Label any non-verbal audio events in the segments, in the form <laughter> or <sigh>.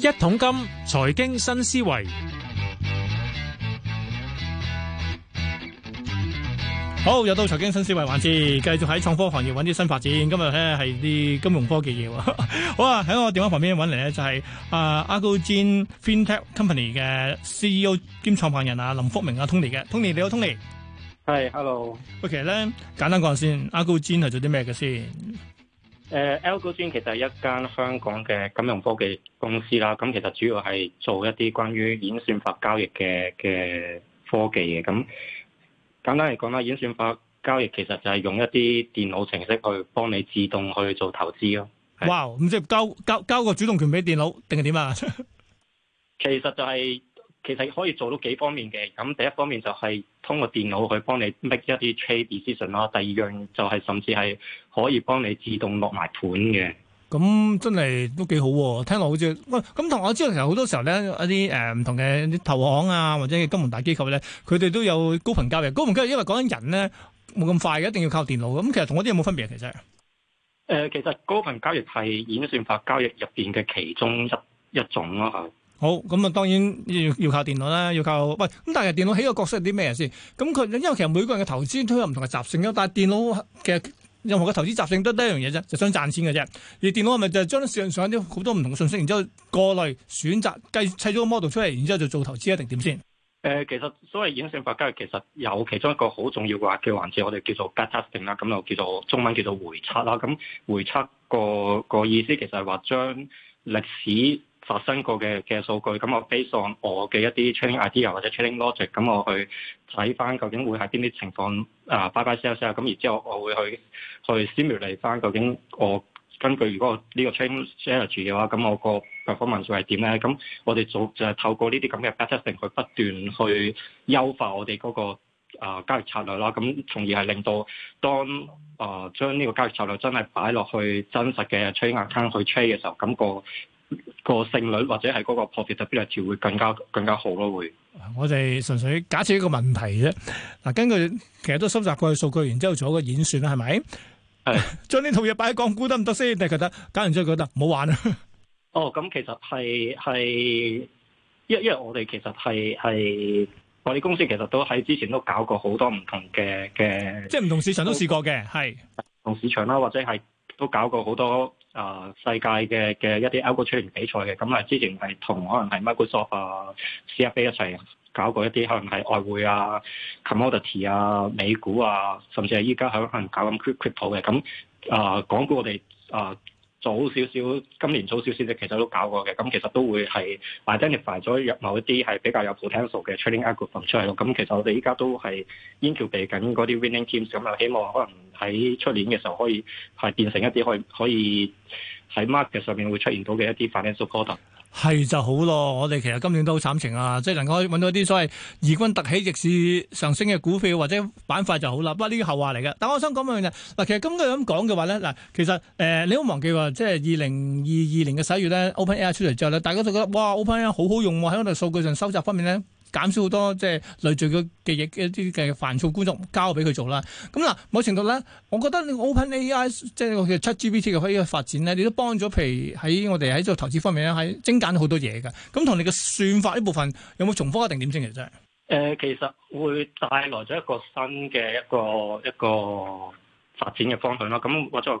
一桶金財經新思維，好又到財經新思維環節，繼續喺創科行業揾啲新發展。今日咧係啲金融科技嘢， <laughs> 好啊！喺我電話旁邊揾嚟咧就係、是、啊、呃、，ALOGENE FinTech Company 嘅 CEO 兼創辦人啊，林福明啊，Tony 嘅 Tony，你好，Tony，係 Hi，Hello okay。喂，其實咧簡單講下先 ALOGENE 係做啲咩嘅先？誒 ALOGENE 其實係一間香港嘅金融科技公司啦，咁其實主要係做一啲關於演算法交易嘅嘅科技嘅，咁簡單嚟講啦，演算法交易其實就係用一啲電腦程式去幫你自動去做投資咯。哇！唔即係交交交個主動權俾電腦定係點啊？ <laughs> 其實就係、是。其實可以做到幾方面嘅，咁第一方面就係通過電腦去幫你 make 一啲 trade decision 啦，第二樣就係甚至係可以幫你自動落埋盤嘅。咁、嗯、真係都幾好喎、啊，聽落好似喂，咁、嗯、同我知啊，其實好多時候咧一啲誒唔同嘅投行啊，或者金融大機構咧，佢哋都有高頻交易，高頻交易因為講緊人咧冇咁快嘅，一定要靠電腦咁、嗯、其實同嗰啲有冇分別、啊、其實誒、呃，其實高頻交易係演算法交易入邊嘅其中一一種咯、啊。好，咁啊當然要要靠電腦啦，要靠喂咁。但係電腦起個角色係啲咩先？咁佢因為其實每個人嘅投資都有唔同嘅習性咯。但係電腦其實任何嘅投資習性都得一樣嘢啫，就想賺錢嘅啫。而電腦係咪就係將市場上上啲好多唔同嘅信息，然之後過嚟選擇計砌咗個 model 出嚟，然之後就做投資一定點先？誒、呃，其實所謂演算法交易，其實有其中一個好重要嘅環節，我哋叫做 backtesting 啦，咁就叫做中文叫做回測啦。咁回測個個意思其實係話將歷史。發生過嘅嘅數據，咁我 base d on 我嘅一啲 training idea 或者 training logic，咁我去睇翻究竟會喺邊啲情況啊，buy buy sales 咁然之後我會去去 simulate 翻究竟我根據如果呢個 training strategy 嘅話，咁我個各方因素係點咧？咁我哋做就係、是、透過呢啲咁嘅 t e t t i n 去不斷去優化我哋嗰、那個啊、呃、交易策略啦，咁從而係令到當啊將呢個交易策略真係擺落去真實嘅 training account 去 train 嘅時候，咁、那個。個勝率或者係嗰個破跌特別係跳，會更加更加好咯，會。我哋純粹假設一個問題啫。嗱，根據其實都收集過數據，然後之後做一個演算啦，係咪？係的。將呢 <laughs> 套嘢擺喺港股得唔得先？你覺得？搞完之後覺得唔好玩啊？哦，咁其實係係，因為因為我哋其實係係，我哋公司其實都喺之前都搞過好多唔同嘅嘅，即係唔同市場都試過嘅，係好。同市場啦，或者係都搞過好多，啊，uh, 世界嘅嘅一啲 algorithm 比賽嘅，咁、嗯、啊，之前係同可能係 Microsoft 啊，CFA 一齊搞過一啲可能係外匯啊，commodity 啊，美股啊，甚至係依家係可能搞緊 crypto 嘅，咁、嗯、啊，港股我哋啊。早少少，今年早少少，其實都搞過嘅，咁其實都會係 identify 咗入某一啲係比較有 potential 嘅 training algorithm 出嚟咯。咁其實我哋依家都係 incubate 緊嗰啲 winning teams，咁啊希望可能喺出年嘅時候可以係變成一啲可以可以喺 market 上面會出現到嘅一啲 financial product。係就好咯，我哋其實今年都好慘情啊，即係能夠揾到啲所謂異軍突起、逆市上升嘅股票或者板塊就好啦。不過呢啲後話嚟嘅，但我想講嘅嘢嗱，其實今日咁講嘅話咧，嗱，其實誒、呃，你好忘記話，即係二零二二年嘅十一月咧，OpenAI 出嚟之後咧，大家都覺得哇，OpenAI 好好用喎、啊，喺嗰度數據上收集方面咧。減少好多即係累積嘅嘅嘢，一啲嘅繁瑣工作交俾佢做啦。咁嗱，某程度咧，我覺得 OpenAI 即係我叫 ChatGPT 嘅呢個發展咧，你都幫咗譬如喺我哋喺做投資方面咧，喺精簡好多嘢嘅。咁同你嘅算法呢部分有冇重複啊？定點先其實？誒、呃，其實會帶來咗一個新嘅一個一個發展嘅方向咯。咁或者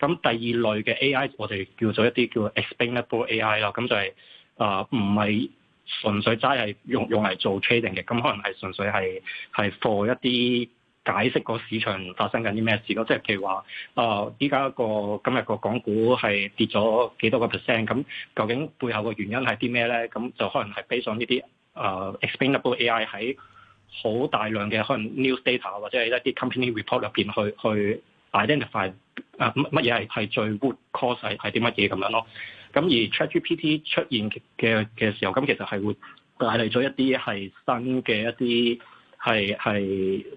咁第二類嘅 AI，我哋叫做一啲叫 explainable AI 咯、就是。咁就係啊，唔係純粹齋係用用嚟做 trading 嘅。咁可能係純粹係係 for 一啲解釋個市場發生緊啲咩事咯。即係譬如話啊，依、呃、家個今日個港股係跌咗幾多個 percent，咁究竟背後嘅原因係啲咩咧？咁就可能係 base 上呢啲啊、呃、explainable AI 喺好大量嘅可能 news data 或者係一啲 company report 入邊去去 identify。啊乜乜嘢係係最 hot course 係啲乜嘢咁樣咯？咁而 ChatGPT 出現嘅嘅時候，咁其實係會帶嚟咗一啲係新嘅一啲係係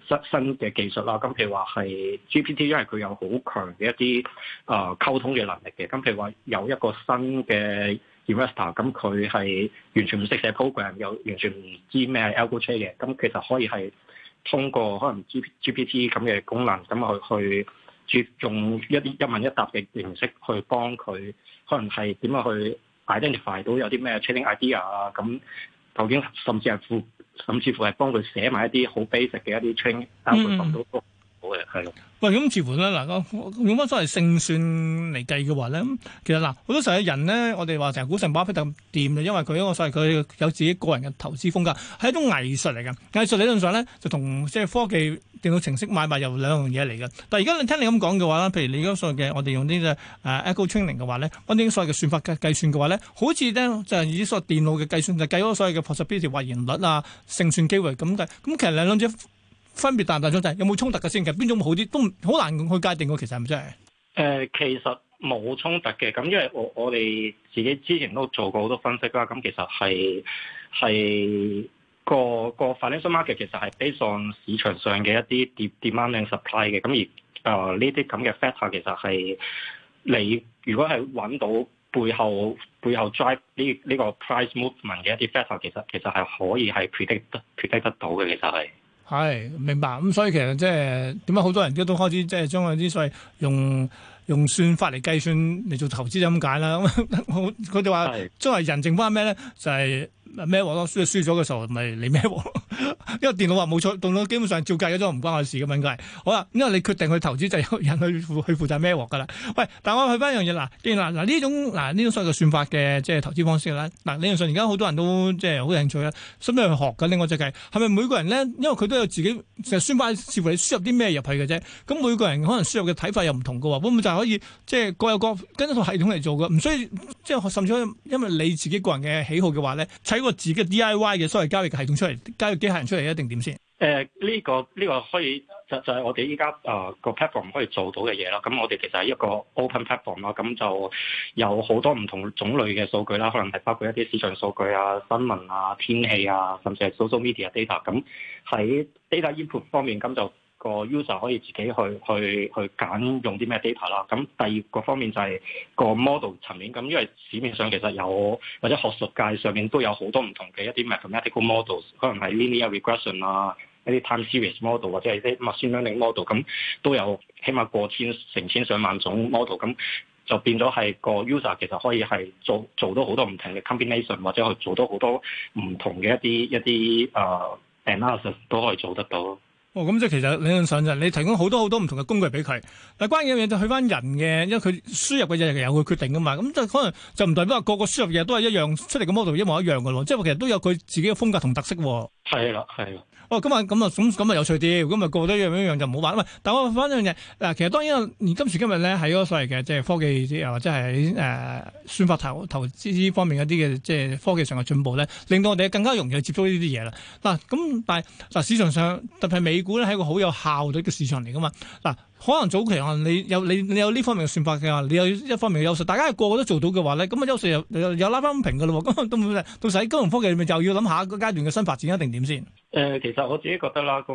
新新嘅技術啦。咁譬如話係 GPT，因為佢有好強嘅一啲啊溝通嘅能力嘅。咁譬如話有一個新嘅 investor，咁佢係完全唔識寫 program，又完全唔知咩 algorithm 嘅。咁其實可以係通過可能 G GPT 咁嘅功能咁去去。注重一啲一問一答嘅形式去幫佢，可能係點樣去 identify 到有啲咩 training idea 啊？咁究竟甚至係附，甚至乎係幫佢寫埋一啲好 basic 嘅一啲 training，包括咁多。係咯，喂，咁 <noise> 似、嗯嗯、乎咧嗱，用翻所謂勝算嚟計嘅話咧，其實嗱，好、嗯、多時候嘅人咧，我哋話成日股神巴菲特咁掂嘅，因為佢因為所謂佢有自己個人嘅投資風格，係一種藝術嚟嘅。藝術理論上咧，就同即係科技電腦程式買賣又兩樣嘢嚟嘅。但係而家你聽你咁講嘅話咧，譬如你嗰個所謂嘅我哋用呢嘅 algorithm 嘅話咧，按啲所謂嘅算法計算、就是、計算嘅話咧，好似咧就係以所電腦嘅計算就計嗰所謂嘅 possibility 或贏率啊、勝算機會咁計，咁其實兩兩隻。嗯嗯嗯嗯嗯嗯嗯分別大唔大咗？制有冇衝突嘅先？其實邊種好啲都好難去界定㗎。其實係咪真係誒，其實冇、呃、衝突嘅。咁因為我我哋自己之前都做過好多分析啦。咁其實係係個個 financial market 其實係 based on 市場上嘅一啲 demand and supply 嘅，咁而啊呢啲咁嘅 factor 其實係，你如果係揾到背後背後 drive 呢呢個 price movement 嘅一啲 factor，其實其實係可以係 predict 得 predict 得到嘅。其實係。係明白咁，所以其實即係點解好多人而家都開始即係將嗰啲所謂用用算法嚟計算嚟做投資就咁解啦。咁佢哋話作為人剩返咩咧？就係、是。孭鑊咯？輸輸咗嘅時候咪你孭鑊？ <laughs> 因為電腦話冇錯，電腦基本上照計咗唔關我事嘅，咁應該係好啦。因為你決定去投資，就有人去負去負責孭鑊噶啦。喂，但我去翻一樣嘢嗱，既然嗱嗱呢種嗱呢種所謂嘅算法嘅即係投資方式啦。嗱，理論上而家好多人都即係好興趣啊，心至去學噶另外就計，係咪每個人咧？因為佢都有自己成算法，似乎你輸入啲咩入去嘅啫。咁每個人可能輸入嘅睇法又唔同嘅喎，咁就可以即係各有各跟一套系統嚟做嘅，唔需要即係甚至可以，因為你自己個人嘅喜好嘅話咧。睇個自己 D I Y 嘅所謂交易系統出嚟，交易機械人出嚟一定點先？誒、呃，呢、呢個呢、呢個可以就就係、係、我哋依家誒個 platform 可以做到嘅嘢咯。咁我哋其實係一個 open platform 啦，咁就有好多唔同種類嘅數據啦，可能係包括一啲市場數據啊、新聞啊、天氣啊，甚至係 social media data。咁喺 data input 方面，咁就。個 user 可以自己去去去揀用啲咩 data 啦。咁第二個方面就係個 model 層面。咁因為市面上其實有或者學術界上面都有好多唔同嘅一啲 mathematical models，可能係 linear regression 啊，一啲 time series model 或者係啲 machine learning model，咁都有起碼過千成千上萬種 model。咁就變咗係個 user 其實可以係做做到好多唔同嘅 combination，或者去做到好多唔同嘅一啲一啲誒 analysis 都可以做得到。哦，咁、嗯、即係其實理論上就係你提供好多好多唔同嘅工具俾佢，但係關鍵嘅嘢就去翻人嘅，因為佢輸入嘅嘢係有佢決定噶嘛。咁、嗯、就可能就唔代表話個個輸入嘢都係一樣出嚟嘅 model 一模一樣嘅咯，即係其實都有佢自己嘅風格同特色喎。係啦，係啦。哦，咁啊，咁啊，咁咁啊，有趣啲，咁啊，過多一樣一樣就唔好玩。喂，但我反一樣嗱，其實當然今時今日咧，喺嗰所謂嘅即係科技啲，或者係誒、呃、算法投投資方面一啲嘅即係科技上嘅進步咧，令到我哋更加容易接觸呢啲嘢啦。嗱，咁但係嗱，市場上特別係美股咧，係一個好有效率嘅市場嚟㗎嘛。嗱。可能早期啊，你有你你有呢方面嘅算法嘅，你有一方面嘅優勢，大家個個都做到嘅話咧，咁啊優勢又又，又拉翻平嘅咯喎，咁都唔使到使金融科技入面就要諗下個階段嘅新發展一定點先？誒、呃，其實我自己覺得啦，個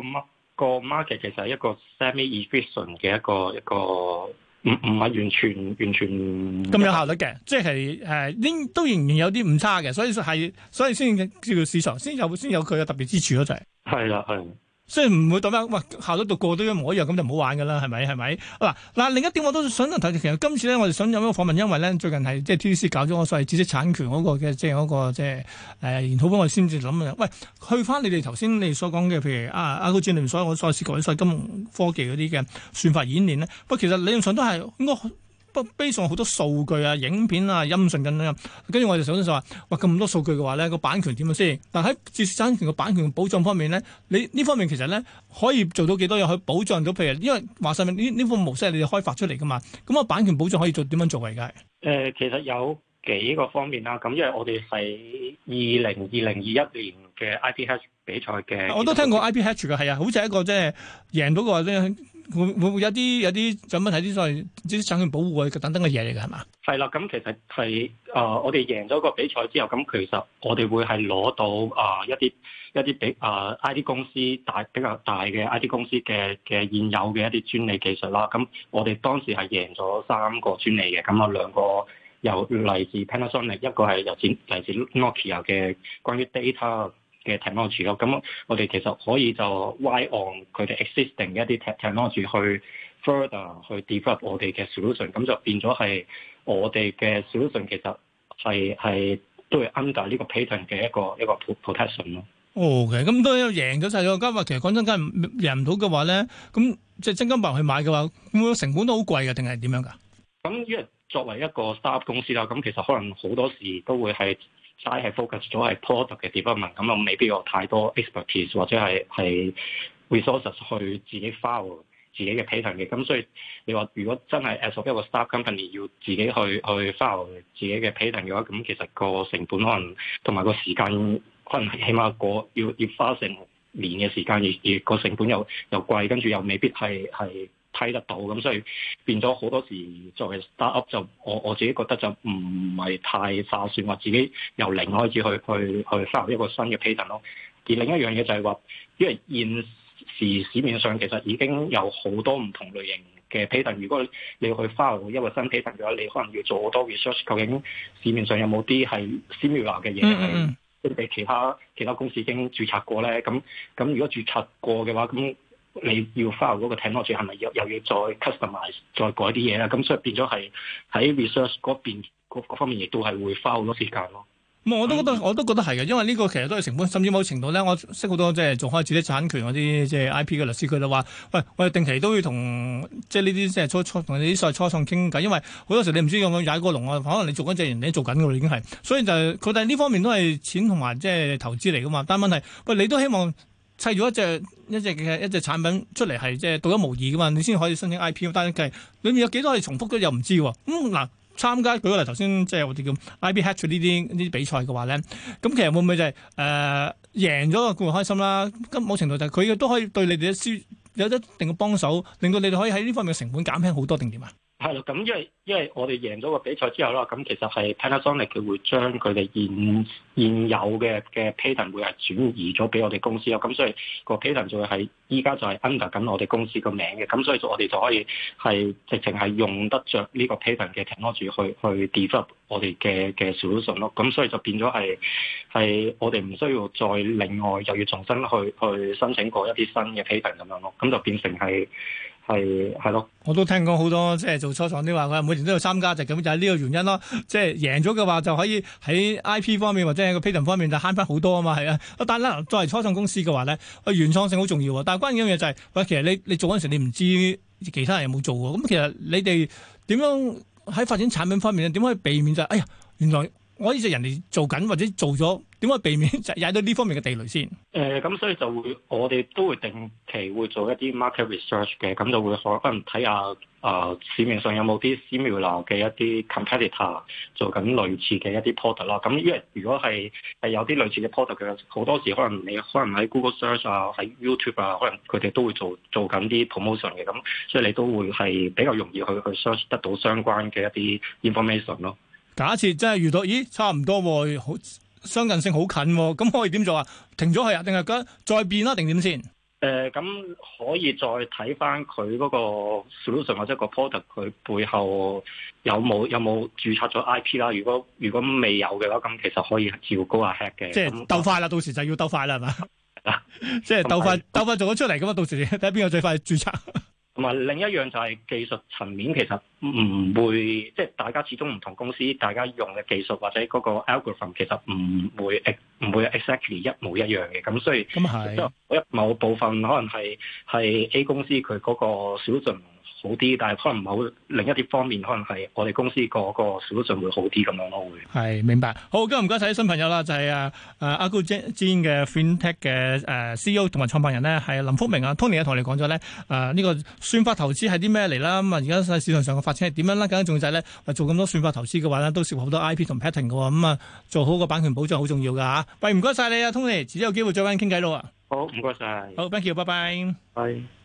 market 其實係一個 semi efficient 嘅一個一個，唔唔係完全完全咁有效率嘅，即係誒應都仍然有啲誤差嘅，所以係所以先至叫市場先有先有佢嘅特別之處咯、就係，就係係啦，係。雖然唔會對咩？喂，效率度個個都一模一樣咁就唔好玩嘅啦，係咪？係咪？嗱嗱，另一點我都想問提，其實今次呢，我哋想有咩訪問，因為呢，最近係即係 t v c 搞咗個所謂知識產權嗰、嗰個嘅即係、嗰、嗰個即係誒研討會，我先至諗喂，去翻你哋頭先你所講嘅，譬如、啊、阿阿高志裏所所我所試改嘅金融科技嗰啲嘅算法演練呢，喂，其實理論上都係應該。不備上好多數據啊、影片啊、音訊等等，跟住我就想先就話，哇！咁多數據嘅話咧，個版權點樣先？但喺知識產權嘅版權保障方面咧，你呢方面其實咧可以做到幾多嘢去保障到？譬如因為華盛呢呢款模式你哋開發出嚟噶嘛，咁啊版權保障可以做點樣做？為㗎？誒，其實有幾個方面啦、啊。咁因為我哋喺二零二零二一年嘅 IPH 比賽嘅，我都聽過 IPH 嘅，係啊，好似係一個即係贏到個咧。會唔會有啲有啲做乜睇啲所謂啲產權保護嘅等等嘅嘢嚟嘅係嘛？係啦，咁其實係誒、呃，我哋贏咗個比賽之後，咁其實我哋會係攞到誒、呃、一啲一啲比誒 I T 公司大比較大嘅 I T 公司嘅嘅現有嘅一啲專利技術啦。咁我哋當時係贏咗三個專利嘅，咁有兩個由嚟自 Panasonic，一個係由嚟自 Nokia、ok、嘅關於 Data。嘅 technology 咯，咁我哋其實可以就 Y On 佢哋 existing 一啲 technology 去 further 去 develop 我哋嘅 solution，咁就變咗係我哋嘅 solution 其實係係都係 under 呢個 patent 嘅一個一個 protection 咯。OK，咁都贏咗曬啦，家話其實講真，家贏唔到嘅話咧，咁即係真金白銀去買嘅話，咁成本都好貴嘅，定係點樣㗎？咁、嗯、因為作為一個 startup 公司啦，咁其實可能好多時都會係。齋係 focus 咗係 product 嘅 department，咁啊未必有太多 expertise 或者係係 resource 去自己 file 自己嘅 pattern 嘅，咁所以你話如果真係 as of 一個 staff company 要自己去去 file 自己嘅 pattern 嘅話，咁其實個成本可能同埋個時間可能起碼個要要，要花成年嘅時間，而而個成本又又貴，跟住又未必係係。睇得到咁，所以變咗好多時作為 start up 就我我自己覺得就唔係太化算話自己由零開始去去去加一個新嘅 patent 咯。而另一樣嘢就係話，因為現時市面上其實已經有好多唔同類型嘅 patent，如果你要去加入一個新 patent 嘅話，你可能要做好多 research，究竟市面上有冇啲係 similar 嘅嘢係即係其他其他公司已經註冊過咧？咁咁如果註冊過嘅話，咁。你要花 i l 個聽落去係咪又又要再 customize 再改啲嘢啦？咁所以變咗係喺 research 嗰邊各方面亦都係會花好多時間咯。咁、嗯、我都覺得我都覺得係嘅，因為呢個其實都係成本，甚至某程度咧，我識好多即係做開自己產權嗰啲即係 IP 嘅律師，佢就話：喂，我哋定期都要同即係呢啲即係初初同呢啲所謂初創傾偈，因為好多時你唔知有冇踩過龍啊？可能你做緊隻人你做緊噶啦，已經係。所以就係佢哋呢方面都係錢同埋即係投資嚟噶嘛。但係問題，喂，你都希望？砌咗一隻一隻嘅一隻產品出嚟係即係獨一無二嘅嘛，你先可以申請 IP 但係，裏面有幾多係重複嘅又唔知喎、啊。咁、嗯、嗱，參加舉個例頭先即係我哋叫 IP Hatch 呢啲呢啲比賽嘅話咧，咁其實會唔會就係、是、誒、呃、贏咗個固然開心啦，咁某程度就係佢都可以對你哋一輸有一定嘅幫手，令到你哋可以喺呢方面嘅成本減輕好多定點啊？係咯，咁因為因為我哋贏咗個比賽之後啦，咁其實係 Panasonic 佢會將佢哋現現有嘅嘅 patent 會係轉移咗俾我哋公司咯，咁所以個 patent 就會係依家就係 under 緊我哋公司個名嘅，咁所以我哋就可以係直情係用得着呢個 patent 嘅 technology 去去 develop 我哋嘅嘅 solution 咯，咁所以就變咗係係我哋唔需要再另外又要重新去去申請過一啲新嘅 patent 咁樣咯，咁就變成係。係係咯，我都聽講好多即係做初創啲話，佢每年都有參加，就咁就係呢個原因咯。即係贏咗嘅話就可以喺 IP 方面或者喺個 patent 方面就慳翻好多啊嘛。係啊，但係咧，作為初創公司嘅話咧，原創性好重要。但係關鍵嘅嘢就係、是、喂，其實你你做嗰陣時你唔知其他人有冇做啊。咁其實你哋點樣喺發展產品方面咧，點可以避免就係哎呀，原來我呢隻人哋做緊或者做咗。點解避免就踩到呢方面嘅地雷先？誒、呃，咁所以就會我哋都會定期會做一啲 market research 嘅，咁就會可可能睇下誒、呃、市面上有冇啲 similar 嘅一啲 competitor 做緊類似嘅一啲 product，咁因為如果係係有啲類似嘅 product，好多時可能你可能喺 Google search 啊，喺 YouTube 啊，可能佢哋都會做做緊啲 promotion 嘅，咁所以你都會係比較容易去去 search 得到相關嘅一啲 information 咯。假設真係遇到，咦，差唔多喎，好似～相近性好近，哦，咁可以點做啊？停咗係啊，定係再變啦，啊，定點先？誒、呃，咁可以再睇翻佢嗰個 solution 或者個 product，佢背後有冇有冇註冊咗 IP 啦？如果如果未有嘅話，咁其實可以 go ahead 嘅。即係鬥快啦，到時就要鬥快啦，係嘛？即係鬥快，鬥快做咗出嚟咁啊！到時睇下邊個最快註冊。同埋另一樣就係技術層面，其實唔會，即係大家始終唔同公司，大家用嘅技術或者嗰個 algorithm 其實唔會 ex 唔會 exactly 一模一樣嘅咁，所以咁啊，即係某部分可能係係 A 公司佢嗰個小眾。好啲，但係可能唔好。另一啲方面，可能係我哋公司個個數質會好啲咁樣咯。會係明白。好，今日唔該晒啲新朋友啦，就係、是、啊啊 ALOGENE 嘅 FinTech 嘅誒 CEO 同埋創辦人呢，係林福明啊。Tony 我啊，同你哋講咗咧，誒呢個算法投資係啲咩嚟啦？咁啊，而家市市場上嘅發展係點樣啦？咁仲要就係咧，做咁多算法投資嘅話咧，都涉及好多 IP 同 patent 嘅喎。咁、嗯、啊，做好個版權保障好重要噶嚇喂，唔該晒你啊，Tony。之後有機會再揾傾偈咯啊。好，唔該晒。好，thank you，謝拜拜。係拜。